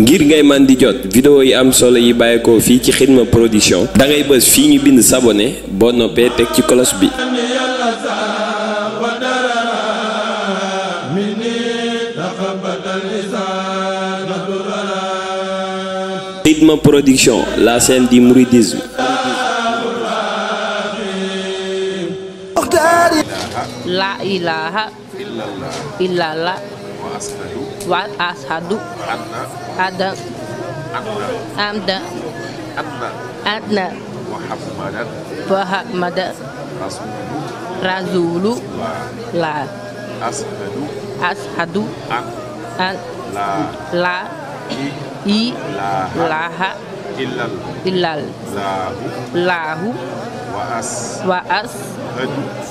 ngir ngay man di jot vidéo yi am solo yi bàyyeekoo fi ci Xidma Production da ngay beus fi ñu bind sabonné bo noppé tek ci cloche bi Xidma Production la scène du mouridisme la ilaha illallah Wa'ad ashadu Anna Ada Anna Anna Anna Anna Muhammadan Muhammadan Rasulu Rasulu La Ashadu Ashadu An An La La I I Laha ilal ilal Lahu Lahu Wa'as Wa'as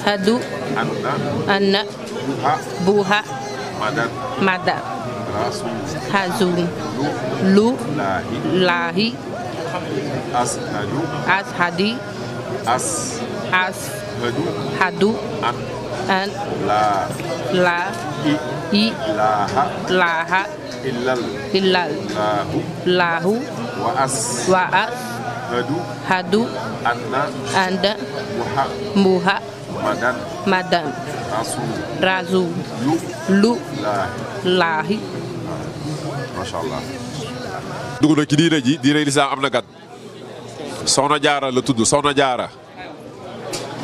Hadu Hadu Anna Anna Buha Buha Madat. Madat. Hazuli. Lu. Lahi. Lahi. as hadi As. As. Hadu. Hadu. An. An. La. La. I. I. Laha. Laha. Illal. Illal. Lahu. Lahu. Wa as. Wa as. Hadu. Hadu. Anna. Anda. Muha. Muha madan madan rasul rasul lu lu laahi masha allah dugg na ci diine ji di lislaam am amna gat soxna jara le tudd soxna jara.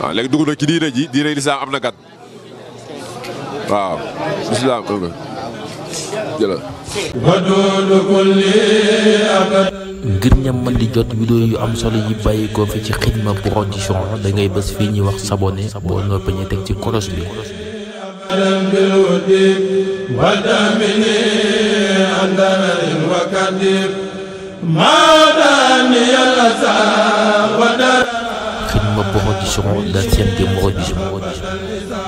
waaw léegi dugg na ci diine ji di lislaam am amna gat waaw lislaam am kulli abad ngir ñam mën di jot vidéo yu am solo yi bàyyi ko fi ci Xidma Production da ngay bës fii ñuy wax s'abonner boo noppee ñu teg ci kolos bi Xidma Production la chaîne des mourides